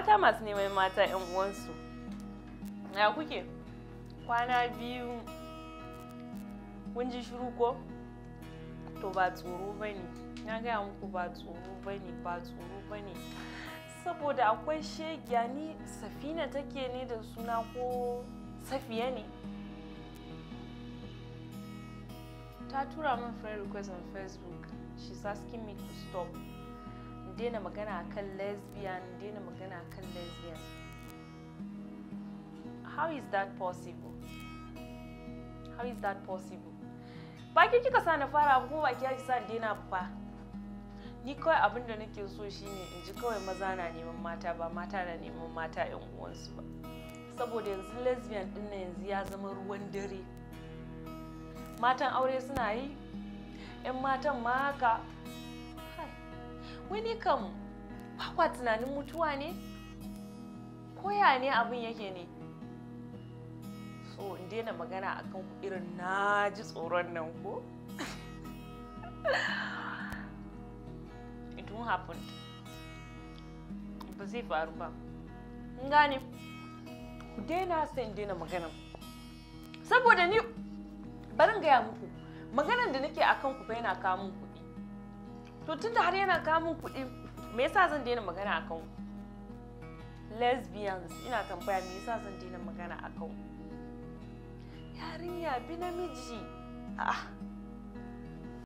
mata masu neman mata 'yan uwansu ya kuke kwana biyu kun ji shiru ko to ba tsoro ba ne na gaya muku ba tsoro ba ne ba tsoro ba ne saboda akwai shegiya ni safina take ne da suna ko safiya ne ta tura min friend request on facebook she's asking me to stop daina magana akan lesbian daina magana akan lesbian how is that possible how is that possible ba ki kika sa na fara ko ba ki sa daina ba ni kawai abin da nake so shine in ji kawai maza na neman mata ba mata na neman mata yan uwansu ba saboda yanzu lesbian din na yanzu ya zama ruwan dare matan aure suna yi 'yan matan ma haka wani kam kwa tunanin mutuwa ne koya ne abin yake ne so in daina magana akan irin na ji tsoron nan ko it won't happen ba zai faru ba in gane ku daina sai in daina magana saboda ni barin gaya muku maganar da nake akan ku bai yana kamun ku. to tun da har yana kamun kuɗi me yasa zan daina magana a kan lesbians ina tambaya me yasa zan daina magana a kan yarinya bi namiji A'a.